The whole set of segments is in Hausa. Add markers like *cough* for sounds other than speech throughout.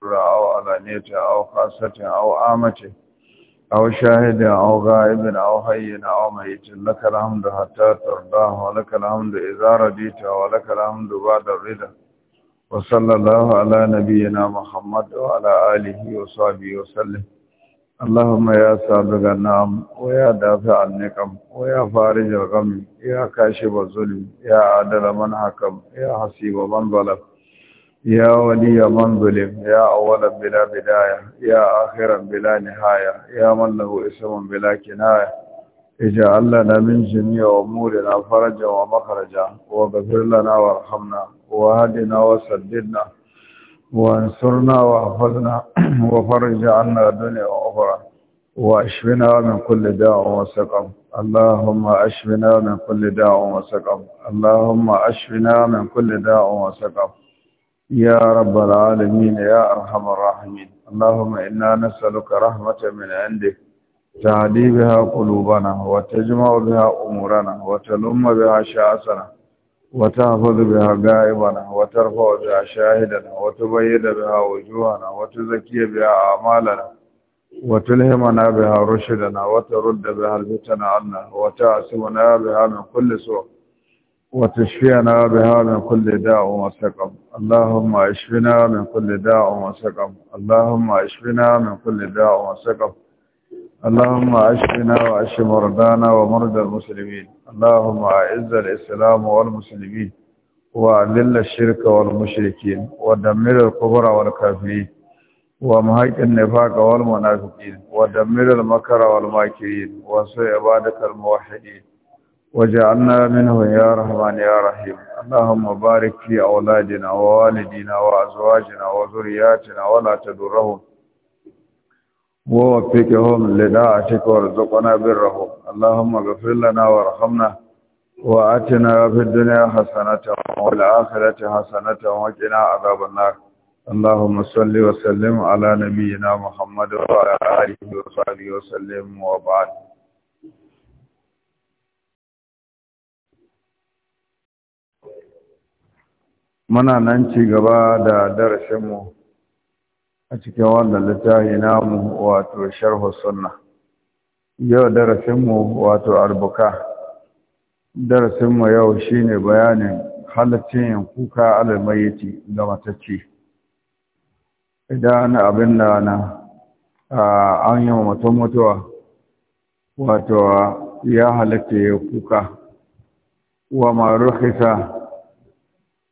A waƙa na yau, ƙarfin a aji na ƙarfin da a aiki, ya fi ƙarfin da ɗaliban da ɗaliban. Ina a ƙarfin da aiki. Ina buƙatar aiki a ƙarfin da aiki. Ina buƙatar aiki a da aiki. da aiki. Ina buƙatar aiki a ƙarfin da aiki. Ina buƙatar aiki a ƙarfin da aiki. Ina buƙatar aiki a ƙarfin da aiki. Ina buƙatar aiki a ƙarfin da aiki. Ina buƙatar aiki a ƙarfin da aiki. Ina buƙatar يا ولي من ظلم يا أولا بلا بداية يا آخرا بلا نهاية يا من له اسم بلا كناية اجعل لنا من جميع أمورنا فرجا ومخرجا واغفر لنا وارحمنا وهدنا وسددنا وانصرنا واحفظنا وفرج عنا دنيا وأخرى واشفنا من كل داء وسقم اللهم اشفنا من كل داء وسقم اللهم اشفنا من كل داء وسقم يا رب العالمين يا أرحم الراحمين اللهم إنا نسألك رحمة من عندك تهدي بها قلوبنا وتجمع بها أمورنا وتلم بها شعسنا وتحفظ بها غائبنا وترفع بها شاهدنا وتبيد بها وجوهنا وتزكي بها أعمالنا وتلهمنا بها رشدنا وترد بها الفتن عنا وتعصمنا بها من كل سوء وتشفينا بها من كل داء وسقم اللهم اشفنا من كل داء وسقم اللهم اشفنا من كل داء وسقم اللهم اشفنا واشف مرضانا ومرضى المسلمين اللهم اعز الاسلام والمسلمين واذل الشرك والمشركين ودمر الكفر والكافرين ومحق النفاق والمنافقين ودمر المكر والماكرين وسوء عبادك الموحدين وجعلنا منه يا رحمن يا رحيم اللهم بارك في أولادنا ووالدنا وأزواجنا وذرياتنا ولا تدرهم ووفقهم لداعتك وارزقنا برهم اللهم اغفر لنا وارحمنا وآتنا في الدنيا حسنة والآخرة حسنة وقنا عذاب النار اللهم صل وسلم على نبينا محمد وعلى آله وصحبه وسلم وبعد muna nan ci gaba da darasinmu a cikin wannan littafi namu wato sharhu sunna yau darasinmu wato arbuka darasinmu yau shine bayanin halaccin kuka alalmayyaci ga matacce idan abin da na an yi mutum mutuwa wato ya halitta ya kuka wa ma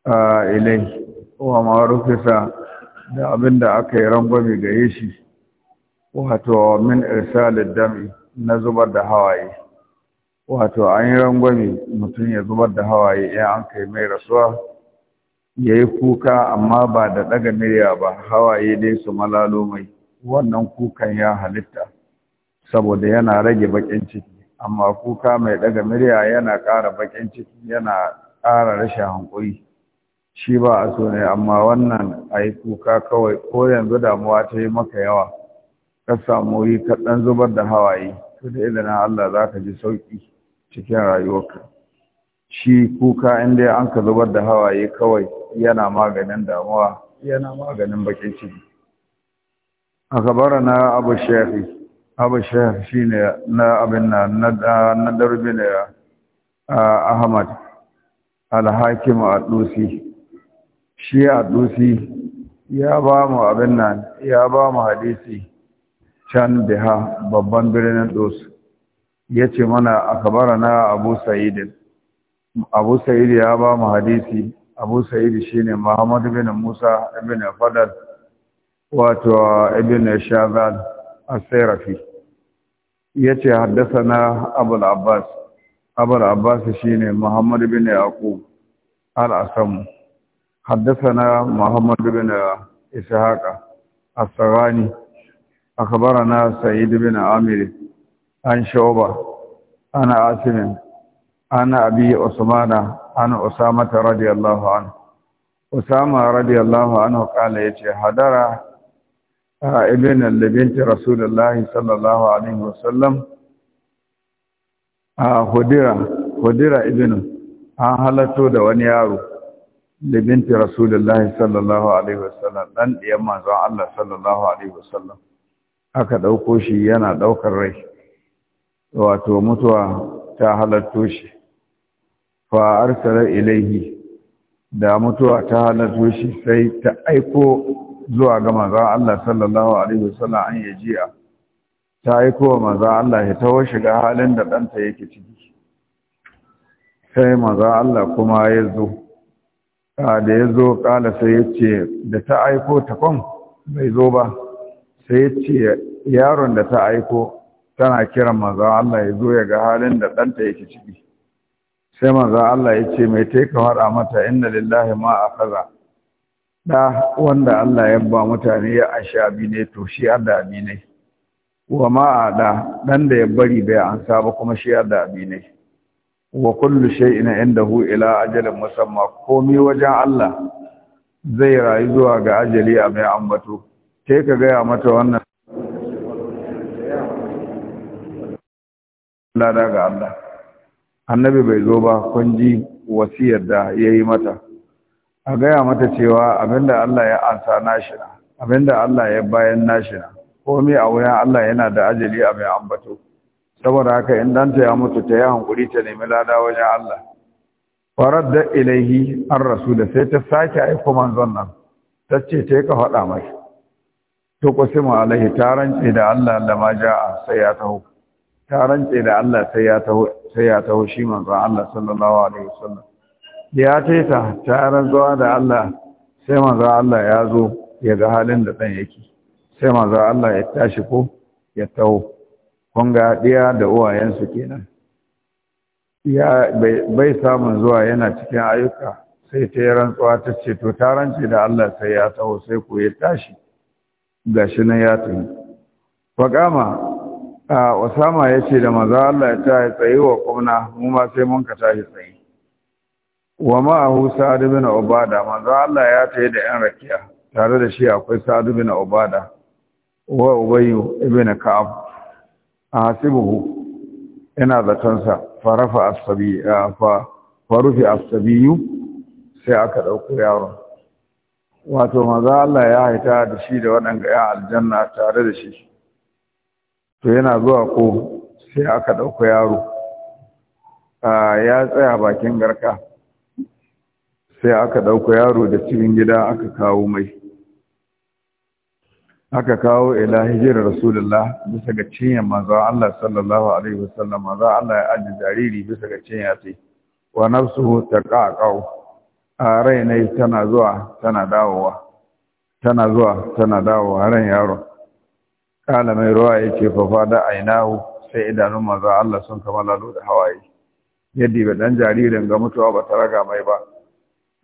ilai wa ma'arufisa da abin da aka yi rangwami ga shi wato min irsalin dami na zubar da hawaye wato an yi rangwami mutum ya zubar da hawaye ya an kai mai rasuwa ya yi kuka amma ba da ɗaga mirya ba hawaye dai su malalo mai wannan kukan ya halitta saboda yana rage bakin ciki amma kuka mai ɗaga mirya yana ƙara bakin ciki yana ƙara rashin hankuri shi ba a so ne amma wannan a yi kuka kawai ko yanzu damuwa ta yi maka yawa ka samu yi ka ɗan zubar da hawaye to da idan Allah za ka ji sauƙi cikin rayuwarka shi kuka inda an ka zubar da hawaye kawai yana maganin damuwa yana maganin bakin ciki A na shi ne na abin na na darbi ne a ah, ahmad alhakim a dusi shi a dusi ya ba mu abin nan ya ba mu hadisi can biha babban birnin dusi ya ce mana kabara na abu sa'idin abu sa'id ya ba mu hadisi abu sa'id shine muhammad bin musa ibn fadal wato ibn shazad ya ce yace haddathana abu al-abbas abu Abbas shi ne muhammad bin yaqub al-asam حدثنا محمد بن إسحاق الصغاني أخبرنا سيد بن عامر عن شعبة عن عاصم عن أبي عثمان عن أسامة رضي الله عنه أسامة رضي الله عنه قال يتي حضر ابن لبنت رسول الله صلى الله عليه وسلم خدر خدر ابنه an halatto da libinti rasulullahi sallallahu alaihi sallam dan diyan manzon Allah sallallahu alaihi sallam aka dauko shi yana daukar rai wato mutuwa ta halatto shi fa arsala ilaihi da mutuwa ta halatto shi sai ta aiko zuwa ga manzon Allah sallallahu alaihi wasallam an a ta aiko wa manzon Allah ya tawo shiga halin da danta yake ciki sai manzon Allah kuma ya zo da ya zo ƙala sai ya ce da ta aiko takwam bai zo ba sai ya ce yaron da ta aiko tana kiran maza Allah ya zo ya ga halin da ɗanta yake ciki sai maza Allah ya ce mai teka a mata inda lillahi ma a kaza da wanda Allah ya ba mutane ya ashe abi ne to shi da abi ne wa ma a da ɗan da ya bari bai an saba kuma shi da abi ne wa kullu shay'in indahu ila ajalin musamma komai wajen Allah zai rayu zuwa ga ajali a mai ambato sai ka gaya mata wannan lada ga Allah annabi bai zo ba kun ji wasiyar da yayi mata a gaya mata cewa abinda Allah ya ansa nashi abinda Allah ya bayan nashi komai a wuyan Allah yana da ajali a mai ambato saboda haka in danta ya mutu ta yi hankuri ta nemi lada wajen Allah farar da ilahi an rasu da sai ta sake aiko manzon nan ta ce ta yi ka faɗa mai to sima alaihi ta rance da Allah da ma ja'a sai ya taho ta rance da Allah sai ya taho sai ya taho shi manzon Allah sallallahu alaihi wasallam ya ce ta ta rantsuwa da Allah sai manzon Allah ya zo ya ga halin da dan yake sai manzon Allah ya tashi ko ya taho kunga ɗiya da uwayensu kenan ya bai samun zuwa yana cikin ayyuka sai ta yi rantsuwa ta ce to ta rance da Allah sai ya taho sai ku ya tashi shi nan ya tafi faqama a Usama ce da maza Allah ya tashi tsaye wa kumna mu ma sai mun ka tashi tsaye wa ma'ahu Sa'adu bin Ubada maza Allah ya tayi da yan rakiya tare da shi akwai Sa'adu bin Ubada wa Ubay ibn Ka'ab ahasibuhu ina zatonsa farafa asabi fa farufi asabiyu sai aka dauko yaron wato maza Allah ya haita da shi da waɗanda ya aljanna tare da shi to yana zuwa ko sai aka dauko yaro ya tsaya bakin garka sai aka dauko yaro da cikin gida aka kawo mai aka kawo ila hijira rasulullah bisa ga cinyar maza! Allah sallallahu alaihi wasallam Maza Allah ya ajiye jariri bisa ga cinya sai wa nafsuhu taqaqau a rainai tana zuwa tana dawowa tana zuwa tana dawowa ran yaro kala mai ruwa yake fa fada ainahu sai idanun maza Allah sun kamala da hawaye yadda ba dan jaririn ga mutuwa ba ta raga mai ba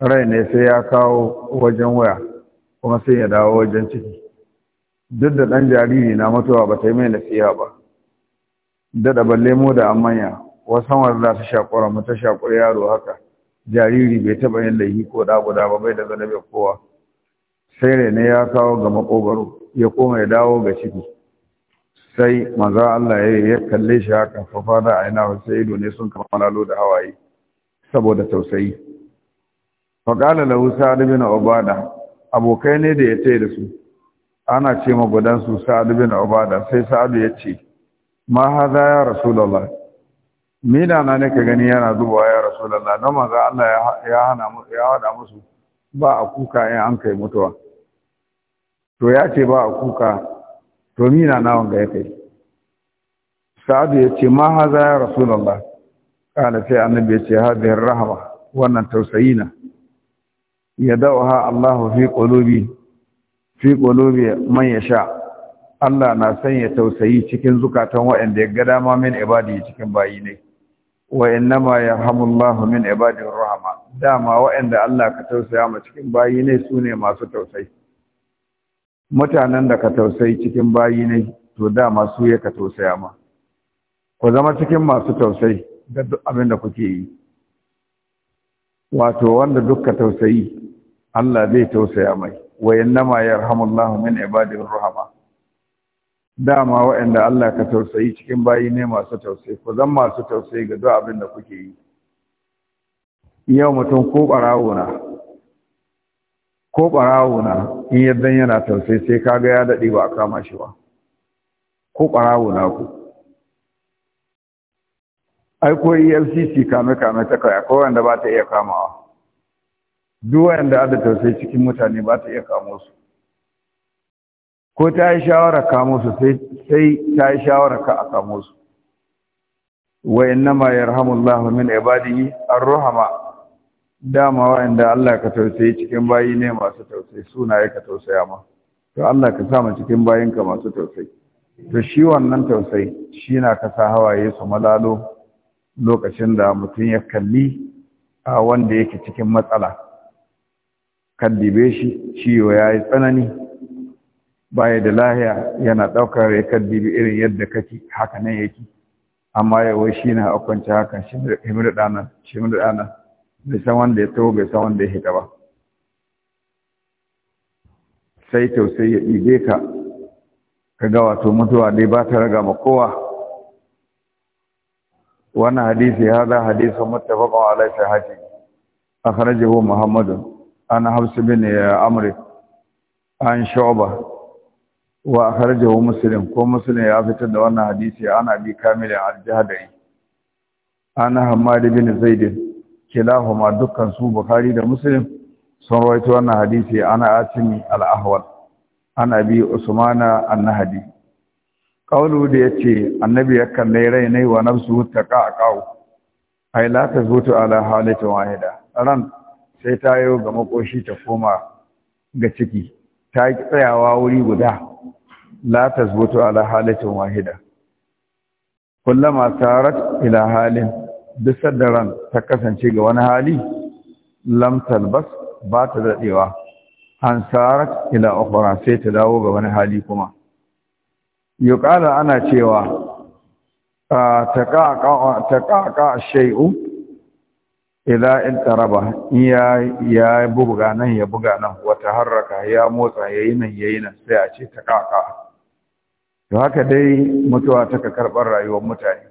raina sai ya kawo wajen waya kuma sai ya dawo wajen ciki duk da ɗan jariri na mutuwa ba ta yi mai nasiha ba daɗa balle lemo da amanya wasan wanda za su shakura mu ta shakura yaro haka jariri bai taɓa yin laifi ko da ba bai da zanabe kowa sai rene ya kawo ga makogaro ya koma ya dawo ga ciki sai maza Allah ya ya kalle shi haka fafa da aina sai ido ne sun kama lalo da hawaye saboda tausayi faƙalala lahu sa'd obada obada, abokai ne da ya tayi da su ana ce ma gudan su sa'ad bin ubada sai sa'ad ya ce ma haza ya rasulullah mina na nake gani yana zubawa ya rasulullah don maza Allah ya hana ya hada musu ba a kuka in an kai mutuwa to ya ce ba a kuka to mina na wanga ya kai sa'ad ya ce ma haza ya rasulullah kana sai annabi ya ce hadhihi rahma wannan tausayina yadauha Allahu fi qulubi fi qulubi man sha, Allah na sanya tausayi cikin zukatan waɗanda ya ga dama min ibadi cikin bayi ne wa ya yarhamullahu min ibadin rahama dama da Allah ka tausaya ma cikin bayi ne sune masu tausayi mutanen da ka tausayi cikin bayi ne to dama su ya ka tausaya ma ku zama cikin masu tausayi da duk abin da kuke yi wato wanda dukka tausayi Allah zai tausaya mai wa innama yarhamullahu min ibadihi rahama dama waɗanda Allah ka tausayi cikin bayi ne masu tausayi ku zan masu tausayi ga duk abin da kuke yi yau mutum ko ɓarawo na ko ɓarawo in yadda yana tausayi sai kaga ya daɗe ba kama shi ba ko ɓarawo ku ai ko ELCC kame kame ta kai akwai wanda ba ta iya kamawa duk wayanda ada tausayi cikin mutane ba ta iya kamo su ko ta yi shawara kamo su sai ta yi shawara ka a kamo su wa innama yarhamullahu min ibadihi ar-rahama dama wayanda Allah ka tausayi cikin bayi ne masu tausayi suna ya tausaya ma to Allah ka sa cikin cikin bayinka masu tausayi to shi wannan tausayi shi na ka sa hawaye su malalo lokacin da mutum ya kalli a wanda yake cikin matsala Kaddibe shi ciwo ya yi tsanani baya da lahiya yana ɗaukar ya kaddibe irin yadda kake haka nan yake amma yawai shi na akwanci haka shi himir ɗanan shi bai san wanda ya taho bai san wanda ya hita ba sai tausayi ya ɗibe ka ka ga wato mutuwa dai ba ta raga ma kowa wannan hadisi hada hadisun muttafaqun hajji a akhrajahu muhammadun an hafsu bin amri an shu'ba wa akhrajahu muslim ko muslim ya fitar da wannan hadisi ana bi kamil al-jahdari an hamad bin zaid kilahuma dukkan su bukhari da muslim sun rawaito wannan hadisi ana atimi al-ahwal ana bi usmana an-nahdi kaulu da ce annabi ya kalle rai na wa nafsu taqa aqau ai la tazutu ala halatin wahida ran sai ta yi ga makoshi ta koma ga ciki ta yi tsayawa wuri guda la butu ala halittun wahida kullama tarat ila halin da ran ta kasance ga wani hali lam bas ba ta dadewa an sarat ila ukhra sai ta dawo ga wani hali kuma yuqala ana cewa ta taqa shay'u in taraba ya ya buga nan ya buga nan wata harraka ya motsa yi nan yi nan sai a ce ta kaka to haka dai mutuwa ta karbar rayuwar mutane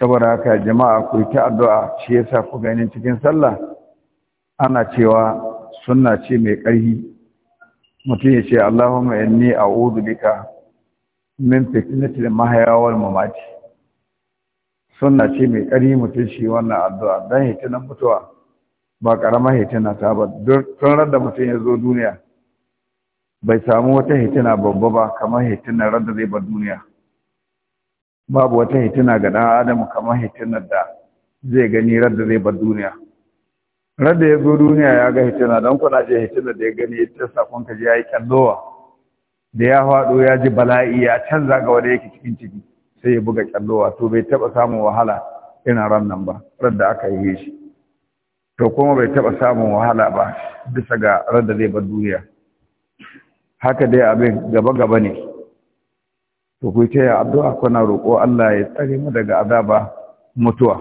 saboda haka jama'a ku ta addu'a shi yasa ku gani cikin sallah ana cewa sunna ce mai ƙarfi mutum ya ce Allahumma inni a'udhu bika min fitnatil mahya wal mamati sunna ce mai ƙari mutum shi wannan addu'a don hitinan mutuwa ba ƙarama hitina ta ba don randa mutum ya zo duniya bai samu wata hitina babba ba kamar hitinar randa zai bar duniya babu wata hitina ga ɗan adam kamar hitinar da zai gani randa zai bar duniya randa ya zo duniya ya ga hitina don kuna ce hitinar da ya gani ta sakon ka ya yi kyallowa da ya faɗo ya ji bala'i ya canza ga wanda yake cikin ciki sai ya buga kyallo wato bai taba samun wahala ina ran nan ba ran da aka yi shi to kuma bai taba samun wahala ba bisa ga ran da zai bar duniya haka dai abin gaba gaba ne to ku ta addu'a kuna roƙo Allah ya tsare mu daga azaba mutuwa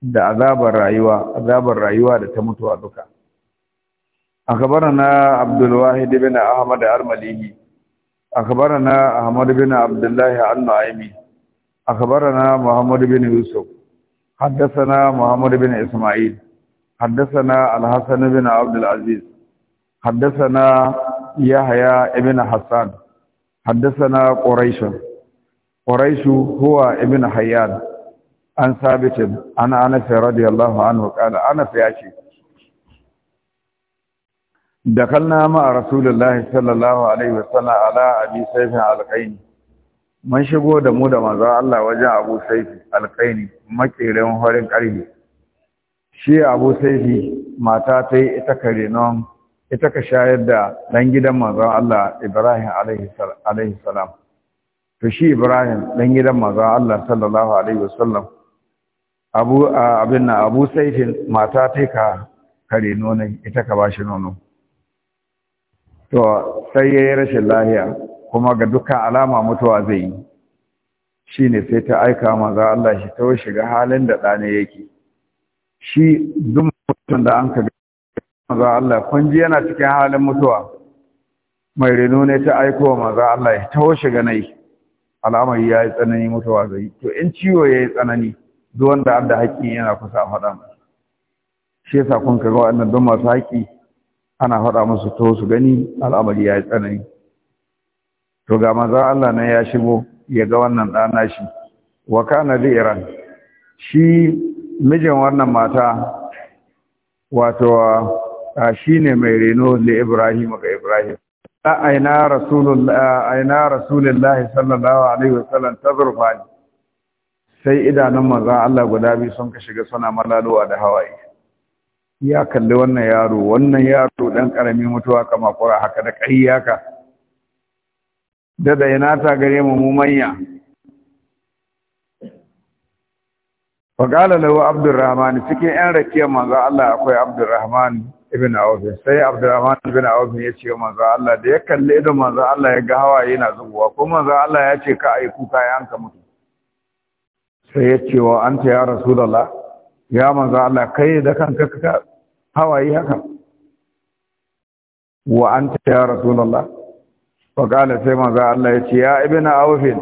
da azabar rayuwa azabar rayuwa da ta mutuwa duka أخبرنا عبد الواحد ahmad Al-malihi. أخبرنا أحمد بن عبد الله النعيمي أخبرنا محمد بن يوسف حدثنا محمد بن إسماعيل حدثنا الحسن بن عبد العزيز حدثنا يحيى بن حسان حدثنا قريش قريش هو ابن حيان عن ثابت عن أنس رضي الله عنه قال أنس يا شيخ دخلنا مع a الله Sallallahu Alaihi Wasallam, وسلم على أبي سيف القيني من شغو da mu da manzo Allah wajen Abu Saif alqaini makirin horin karbi shi Abu Saifi mata ta yi ita kare non ita ka shayar da dan gidan manzo Allah Ibrahim alaihi salam to shi Ibrahim dan gidan manzo Allah sallallahu alaihi wasallam Abu abin na Abu Saifin mata ta ka kare nonon ita ka bashi nono to sai ya yi rashin lahiya kuma ga dukkan alama mutuwa zai yi shi ne sai ta aika maza Allah shi ta shiga halin da ɗane yake shi duk mutum da an ka maza Allah kwanji yana cikin halin mutuwa mai reno ne ta aiko wa maza Allah ta taho shiga nai al'amari ya yi tsanani mutuwa zai to in ciwo ya yi tsanani duk wanda an da haƙƙi yana kusa faɗa shi yasa kun ga waɗannan don masu haƙƙi ana faɗa musu to su gani al'amari ya yi tsanani to ga maza Allah nan ya shigo ya ga wannan ɗana shi wa kana liran shi mijin wannan mata wato shi ne mai reno da Ibrahim ga Ibrahim aina rasulullah aina rasulullahi sallallahu alaihi wasallam tazurfani sai idanun maza Allah guda biyu sun ka shiga suna malalowa da hawaye ya kalli wannan yaro wannan yaro dan karami mutuwa kama kura haka da ƙayyaka dada yana ta gare mu mu manya faƙala lahu abdurrahman cikin yan rakiyar manzo Allah akwai abdurrahman ibn awf sai abdurrahman ibn awf ya ce manzo Allah da ya kalli idan manzo Allah ya ga hawaye na zubuwa ko manzo Allah ya ce ka ai kuka ya hanka mutu sai ya ce wa anta ya rasulullah ya manzo Allah kai da kanka ka hawaye haka wa anta ya rasulullah wa qala sai manzo Allah ya ce ya ibnu awfin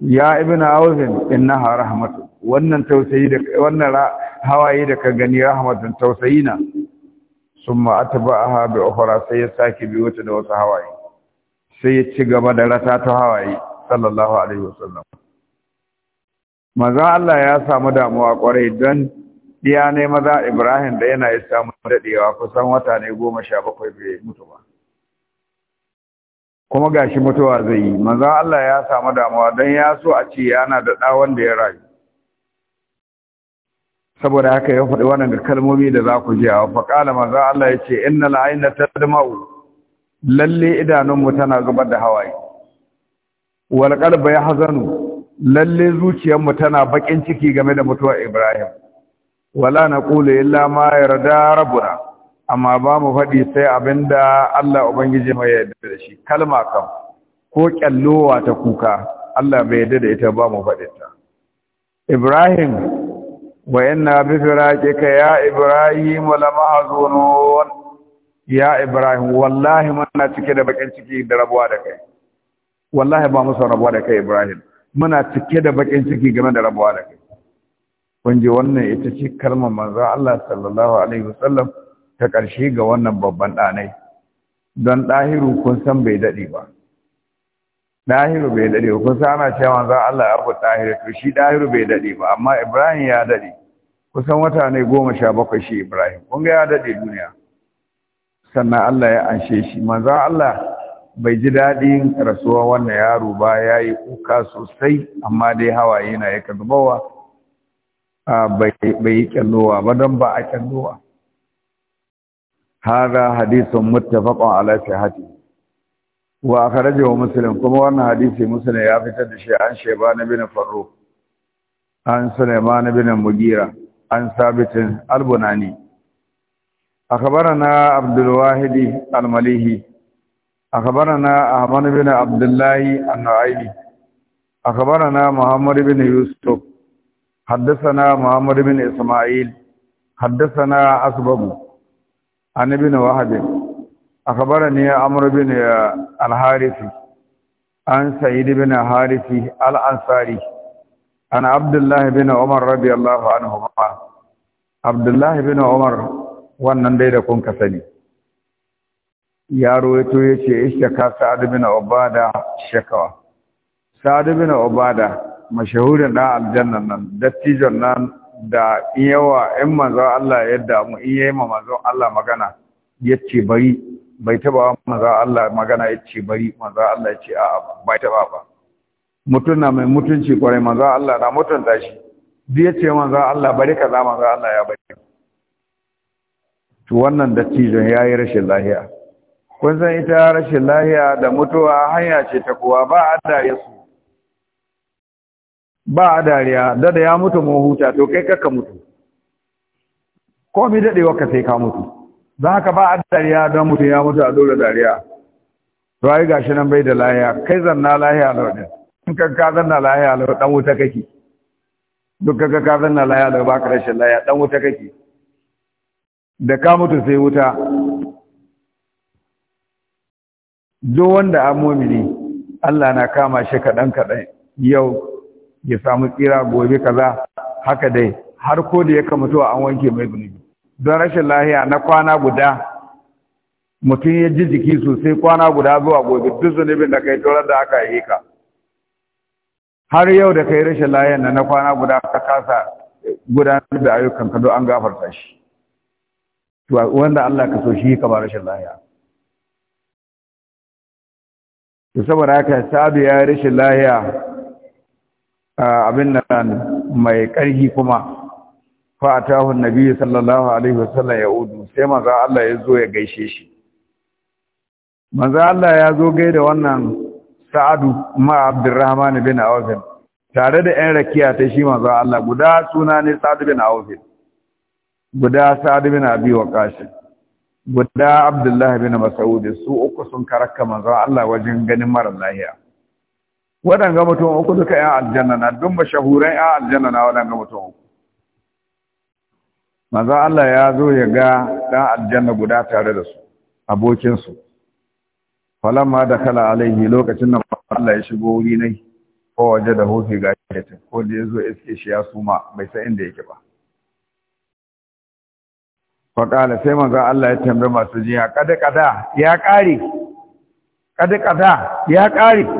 ya ibnu awfin innaha rahmatu wannan tausayi da wannan hawaye da ka gani rahmatun tausayina. summa atba'aha bi ukhra sai ya saki bi wata da wasu hawaye sai ya ci gaba da rasa ta hawaye sallallahu alaihi wasallam Maza Allah ya samu damuwa kwarai don diya ne maza Ibrahim da yana yi samun dadewa kusan wata ne goma sha bakwai bai mutu ba kuma gashi mutuwa zai yi maza Allah ya samu damuwa don ya so a ci yana da ɗa wanda ya rayu saboda haka ya faɗi wannan kalmomi da za ku ji a faƙala maza Allah ya ce innal ayna tadma'u lalle idanunmu tana zubar da hawaye wal ya yahzanu lalle zuciyarmu tana bakin ciki game da mutuwar Ibrahim wala kulu illa ma yarda rabbuna amma ba mu faɗi sai abinda Allah ubangiji mai yarda da shi kalma kam ko kyallowa ta kuka Allah bai yarda da ita ba mu faɗi ta Ibrahim wa inna bi firaqika ya Ibrahim la mahzunun ya Ibrahim wallahi muna cike da bakin ciki da rabuwa da kai wallahi ba mu son rabuwa da kai Ibrahim muna cike da bakin ciki game da rabuwa da kai kun wannan ita ce kalmar manzon Allah sallallahu alaihi wasallam ta ƙarshe ga wannan babban ɗanai don ɗahiru kun san bai dade ba ɗahiru bai dade ba kun san ana cewa manzon Allah ya abu ɗahiru to shi ɗahiru bai dade ba amma Ibrahim ya daɗe kusan wata ne goma sha bakwai shi Ibrahim kun ga ya dade duniya sannan Allah ya anshe shi manzon Allah bai ji daɗin rasuwa wannan yaro ba yayi kuka sosai amma dai hawaye na yaka zubawa bai yi kyanowa ba don ba a kyallowa hada hadisun muttafaqun ala sihhati wa wa musulun kuma wannan hadisi musulun ya fitar da shi an sheba na binin faro, an na binin mugira an sabitin albunani A akhbarana abdul wahidi almalihi na Ahmadu bin abdullah a kabara na Muhammadu bin yusuf حدثنا محمد بن إسماعيل حدثنا أسبب عن ابن وهب أخبرني عمرو بن الحارثي عن سعيد بن حارثي الأنصاري عن عبد الله بن عمر رضي الله عنهما عبد الله بن عمر wannan dai da kun ka sani yaro yato yace ishaka sa'ad bin ubada shakawa sa'ad bin ubada mashahurin ɗan aljannan nan dattijon nan da yawa in manzo Allah ya damu in yayi ma manzo Allah magana yace bari bai taba manzo Allah magana yace bari manzo Allah yace a'a bai taba ba mutun na mai mutunci kwarai manzo Allah na mutunta shi duk yace manzo Allah bari kaza manzo Allah ya bari to wannan dattijon yayi rashin lahiya kun san ita rashin lahiya da mutuwa hanya ce ta kowa ba a ya su. ba a dariya dada ya mutu mu huta to kai kaka mutu komi dadewa ka sai ka mutu don haka ba a dariya don mutu ya mutu a dole dariya to ai gashi nan bai da lahiya kai zanna lahiya a wadin in ka ka zanna lahiya da dan wuta kake duk ka ka zanna lahiya da ba ka rashin lahiya dan wuta kake da ka mutu sai wuta duk wanda an mumini Allah na kama shi kaɗan kaɗan yau ya samu tsira gobe kaza haka dai har ko da ya a an wanke mai gunubi don rashin lahiya na kwana guda mutum ya ji jiki sosai kwana guda zuwa gobe duk zunubin da kai taurar da aka yi ka har yau da kai rashin lahiya na na kwana guda ka kasa gudanar da ayyukan ka don an gafarta shi wanda Allah ka so shi ka ba rashin lahiya to saboda haka sabi ya rashin lahiya abin nan mai ƙarfi kuma fa'atahu nabi sallallahu alaihi wasallam ya udu sai manzo Allah ya zo ya gaishe shi manzo Allah ya zo gaida wannan Sa'adu ma Abdurrahman bin awf tare da ɗan rakiya ta shi manzo Allah guda suna ne Sa'ad bin awf guda Sa'ad bin Abi Waqash guda Abdullahi bin Mas'ud su uku sun karakka manzo Allah wajen ganin mara lahiya waɗanga mutum uku duka ‘yan aljanna na dun shahuran ‘yan aljanna na waɗanga mutum uku maza Allah ya zo ya ga ɗan aljanna guda tare da su abokinsu falamma da kala alaihi lokacin da Allah ya shigo wuri nai ko waje da hofi ga shi ko da ya zo iske shi ya suma bai san inda yake ba faƙala sai Maza Allah ya tambaye masu jiya kada kada ya ƙari kada kada ya ƙare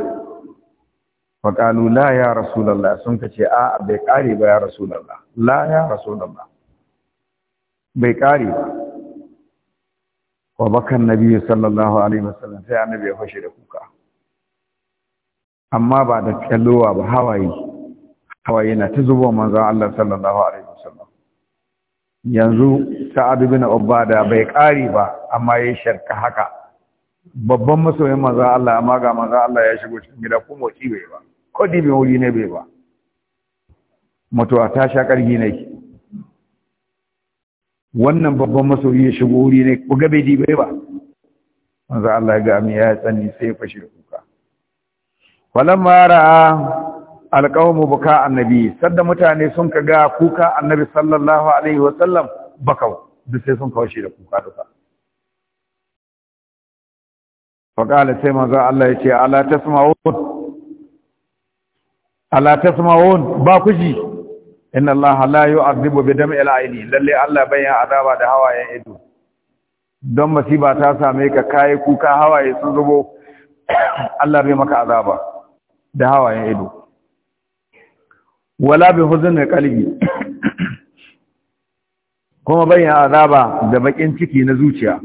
faƙalu la ya rasulallah sun ka ce a bai ƙari ba ya rasulallah la ya rasulallah bai ƙari ba wa bakan nabi sallallahu alaihi wasallam sai annabi ya fashe da kuka amma ba da kyallowa ba hawaye hawaye na ta zubo manzon Allah sallallahu alaihi wasallam yanzu sa'ad bin ubada bai ƙari ba amma ya sharka haka babban masoyin manzon Allah amma ga manzon Allah ya shigo cikin gida ko motsi bai ba kodi mai wuri ne bai ba mutuwa ta sha ƙarfi ne wannan babban masoyi ya shigo wuri ne ko gabe bai ba Wanzu Allah ga mi ya tsanni sai ya fashe kuka falamma ra'a alqawmu buka annabi sadda mutane sun ka ga kuka annabi sallallahu alaihi wa sallam bakau duk sai sun shi da kuka duka faqala sai manzo Allah ya ce ala tasma'un ala tasma'un ba ku ji inna allaha la yu'adhibu bi dam'il aini lalle allah bai ya azaba da hawayen ido don masiba ta same ka kai kuka hawaye sun zubo allah bai maka azaba da hawayen ido wala bi huznil qalbi kuma bai ya azaba da bakin ciki na zuciya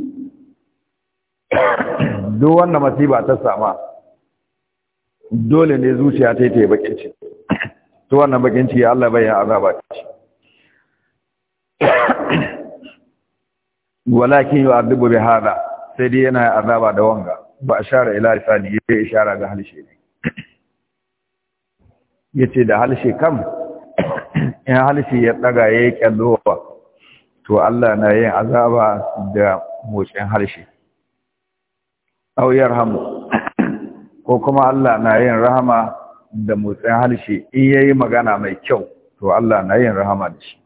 duk wanda masiba ta sama dole ne zuciya ta yi ta yi bakin ci, to wannan bakin ya Allah bai ya azaba ci walakin yu'adhibu bi hada sai dai yana azaba da wanga ba ashara ila lisani ya ishara ga halshe ne ce da halshe kam in halshe ya daga ya yayi kallowa to Allah na yin azaba da motsin halshe aw yarhamu ko kuma Allah na yin rahama da motsin harshe in yayi magana mai kyau to Allah na yin rahama da shi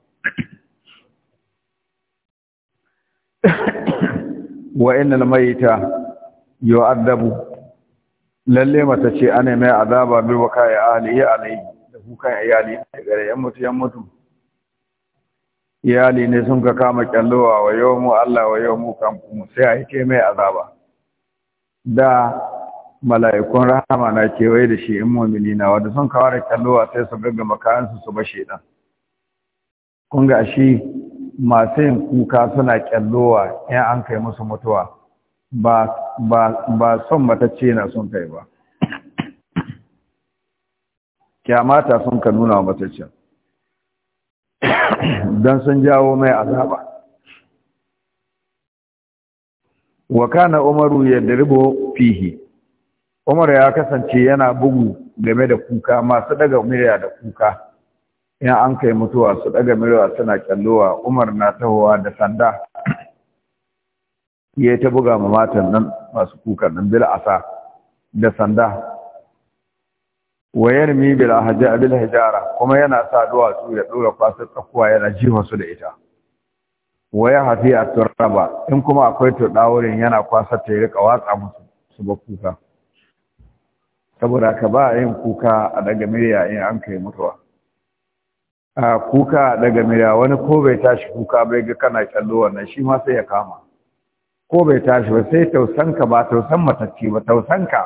*coughs* wa innal mayta yu'adabu lalle mata ce ana mai azaba bi wakai ahlihi alayhi da kukan iyali gare yan mutu yan mutu iyali ne sun ka kama kyallowa wa mu Allah wa mu kan sai ake mai azaba da mala'ikun rahama na kewaye da shi in mumini na wanda sun kawar kyalowa sai su gaggama kayansu su ba shaidan kun ga shi masu yin kuka suna kyallowa in an kai musu mutuwa ba son matacce na sun kai ba kyamata sun ka nuna wa mataccen don sun jawo mai azaba wa kana umaru yadribu fihi umar ya kasance yana bugu game da kuka masu daga murya da kuka in an kai mutuwa su daga murya suna kallowa umar na tahowa da sanda ya ta buga ma matan nan masu kuka nan bil asa da sanda wayar mi bil hijara kuma yana sa duwatsu ya dora kwasar tsakuwa yana jiwa su da ita ya hafi a turaba in kuma akwai turɗa wurin yana kwasa ta ya rika watsa musu su ba kuka saboda ka ba yin kuka a daga miliya in an kai mutuwa a kuka daga miliya wani ko bai tashi kuka bai ga kana kallo wannan shi ma sai ya kama ko bai tashi ba sai tausanka ba tausan matacce ba tausanka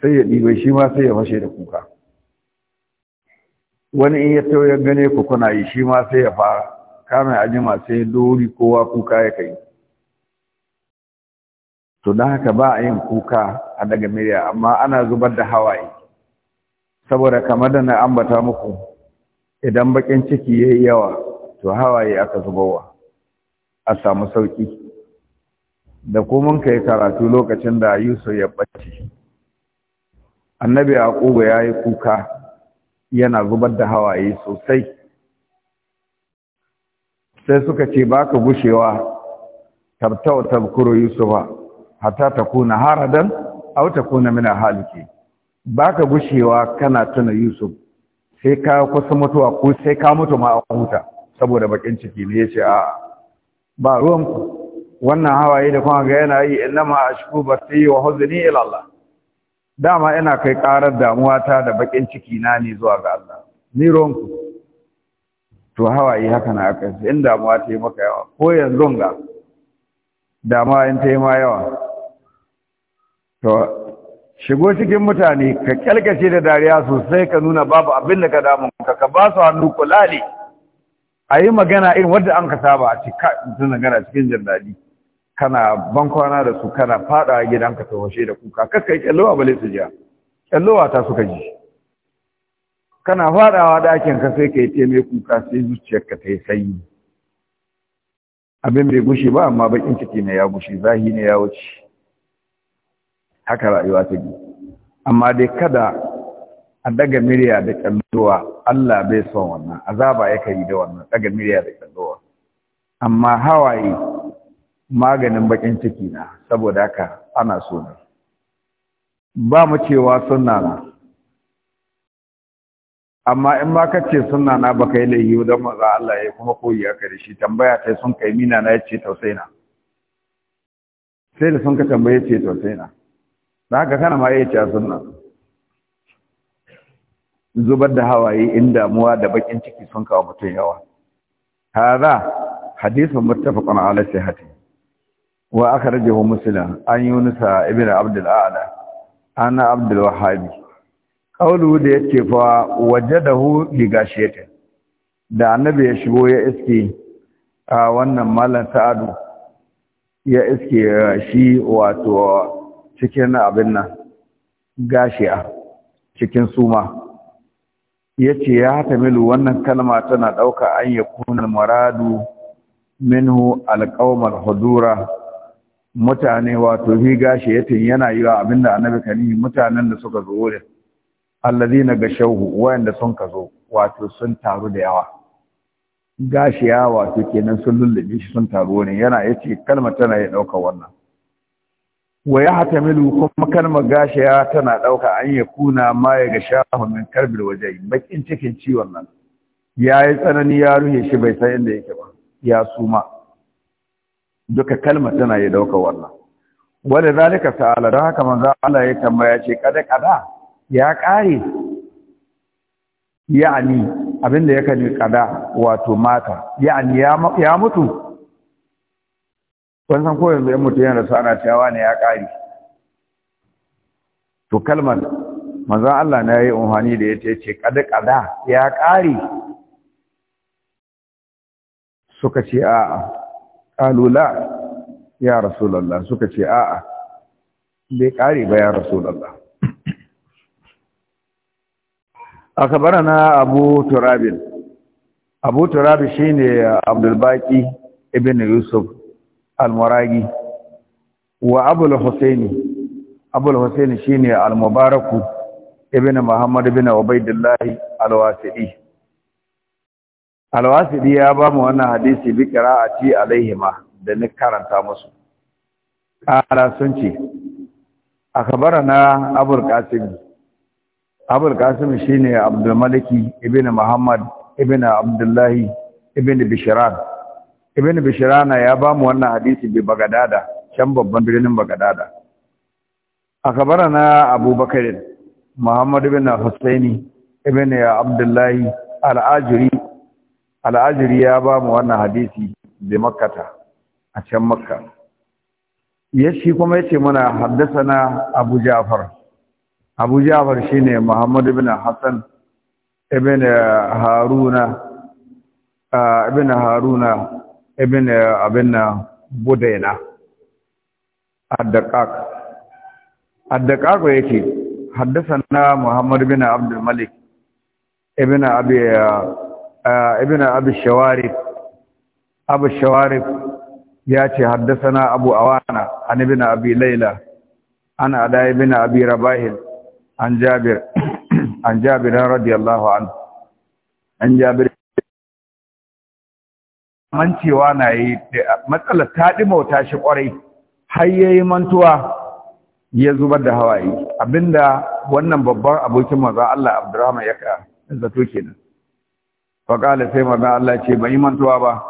sai ya ɗibe shi ma sai ya fashe da kuka wani in ya tauye gane ku kuna yi shi ma sai ya fara a jima sai dori kowa kuka ya kai to don haka ba a yin kuka a daga miliya, amma ana zubar da hawaye saboda kamar da na ambata muku idan bakin ciki ya yi yawa to hawaye aka zubarwa a samu sauki da kuma mun yi karatu lokacin da Yusuf ya ɓace. annabi ya yi kuka yana zubar da hawaye sosai sai suka ce ba baka gushewa tabtawa tabkuro yusufa hatta takuna haradan aw takuna mina haliki baka gushewa kana tuna yusuf sai ka kusa mutuwa ko sai ka mutu ma a huta saboda bakin ciki ne yace a ba ruwan ku wannan hawaye da kuma ga yana yi innama ashku basi wa huzni ila Allah dama ina kai karar damuwa ta da bakin ciki na ne zuwa ga Allah ni ruwan ku to hawaye haka na aka in damuwa ta yi maka yawa ko yanzu ga dama in ta yi ma yawa to shigo cikin mutane ka kyalkace da dariya sosai ka nuna babu abin da ka damun ka ka ba su hannu kulali a yi magana irin wadda an ka saba a cikin suna gana cikin jin daɗi kana bankwana da su kana fada gidan ka tawashe da kuka kakka yi kyallowa bale su jiya kyallowa ta suka ji kana fadawa ɗakin ka sai ka yi teme kuka sai ka ta yi sanyi abin bai gushe ba amma bakin ciki ne ya gushe zahi ne ya wuce haka rayuwa ta take amma dai kada a daga miliya da kalluwa Allah bai son wannan azaba yake yi da wannan daga miliya da kalluwa amma hawaye maganin bakin ciki na saboda haka ana so ne ba mu cewa sunna na amma in ma ka ce sunna na kai yi laihi don maza Allah ya kuma koyi aka da shi tambaya ta sun kai mina na tausai na sai da sun ka tambaye ce na da haka kana ma iya cewa sunna zubar da hawaye in damuwa da bakin ciki sun kawo mutum yawa hadha hadisin muttafaqun ala hati wa aka hu musulun an wani ibn ibina abdul ala ana abdul wahabi wahhabi da da ce fa wajadahu ligashiyata da annabi ya shigo ya iske a wannan malam sa'adu ya iske shi wato cikin abin nan gashiya cikin suma yace ya tamilu wannan kalma tana dauka an yakuna maradu minhu alqawmal hudura mutane wato hi gashi yatin yana yi yiwa abinda annabi kani mutanen da suka zo wurin alladhina gashawu wayanda sun ka zo wato sun taru da yawa gashi ya wato kenan sun lullube shi sun taru wurin yana yace kalmar tana ya dauka wannan wa ya milu kuma kalmar gashiya tana ɗauka an ya kuna ma ya ga shahu min karbir waje bakin cikin ciwon nan ya yi tsanani ya ruhe shi bai san inda yake ba ya suma duka kalmar tana yi ɗauka wannan wanda zalika ta'ala don haka manzo Allah ya tambaya ce kada kada ya kare ya'ani abinda yake ne kada wato mata ya'ani ya mutu kun san ko zai mutu yana rasu ana cewa ne ya ƙari to kalmar manzan Allah na yi umarni da ya ce ce kada-kada ya ƙari suka ce a'a ƙalula ya rasu lalla. suka ce a'a bai ƙari ba ya rasu A Kabara na Abu Turabin. Abu Turabin shi ne الباقي Ibn Yusuf. al-muragi wa al husaini al husaini shine al-mubaraku ibn muhammad ibn ubaidillah al-wasidi al-wasidi ya ba mu wannan hadisi bi qira'ati alaihima da ni karanta musu kara sun ce akhbarana al qasim al qasim shine abdul maliki ibn muhammad ibn abdullah ibn bishran ibn bishrana ya ba mu wannan hadisi bi bagadada can babban birnin bagadada akabarana abubakar muhammad ibn husaini ibn ya abdullah al ajri al ajri ya ba mu wannan hadisi bi makkata a can makka yashi kuma yace muna haddasana abu ja'far abu ja'far shine muhammad ibn hasan ibn haruna ibn haruna ibn eh, abin na budaina addaqaq addaqaq yake haddathana muhammad bin abd malik ibn abi eh, eh, ibn abi shawarif abu shawarif ya ce haddasana abu awana an ibn abi laila an ada ibn abi rabahil an jabir *clears throat* an jabir radiyallahu anhu an jabir mantewa na yi matsalar ta ɗimauta shi ƙwarai har ya yi mantuwa ya zubar da hawaye abinda wannan babban abokin maza Allah Abdurrahman ya ka zato nan. faƙala sai maza Allah ce ba yi mantuwa ba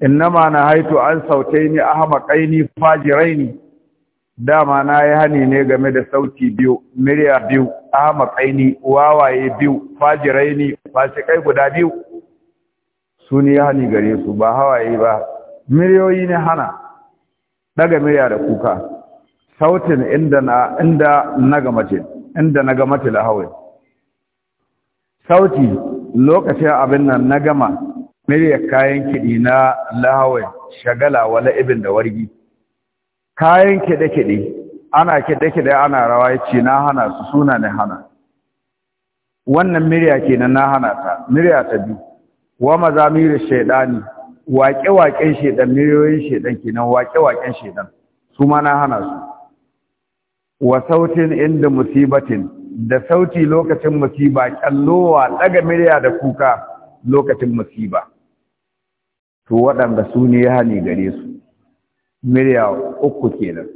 innama na haitu an sautai ni a hama fajirai ne. dama na yi hani ne game da sauti biyu murya biyu amatsaini wawaye biyu fajiraini fasikai guda biyu su ne hani gare su ba hawaye ba miliyoyi ne hana daga murya da kuka sautin inda na inda na ga mace inda na ga mace lahawai sauti lokacin abin nan na gama murya kayan kiɗi na lahawai shagala wala ibin da wargi kayan kiɗe-kiɗe ana kiɗe-kiɗe ana rawa ya ce na hana su suna na hana wannan murya kenan na hana ta murya ta biyu wa mazamir ne waƙe-waƙen shaydan muryoyin ke kenan waƙe-waƙen shaydan su ma na hana su wa sautin inda musibatin da sauti lokacin musiba ƙallowa ɗaga murya da kuka lokacin musiba to waɗanda su ne hani gare su miliya uku kenan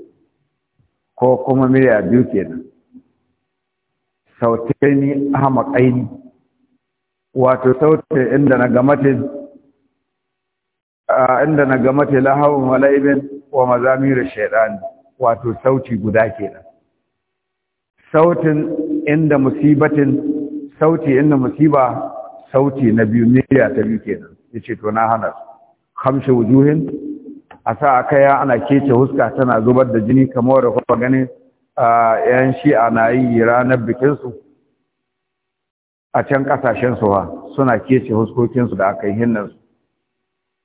ko kuma miliya biyu kenan sautaini Aini. wato sautin inda na gamatin inda na gamate lahawun mala'ibin wa mazamirar shaidani wato sauti guda kenan sautin inda musibatin sauti inda musiba sauti na biyu miliya ta biyu kenan ce to na hana kamshi wujuhin a sa a kaya ana kece huska tana zubar da jini kamar da kuma ganin yan shi na yi ranar bikinsu a can ƙasashen su ba suna kece huskokinsu da aka yi hinnarsu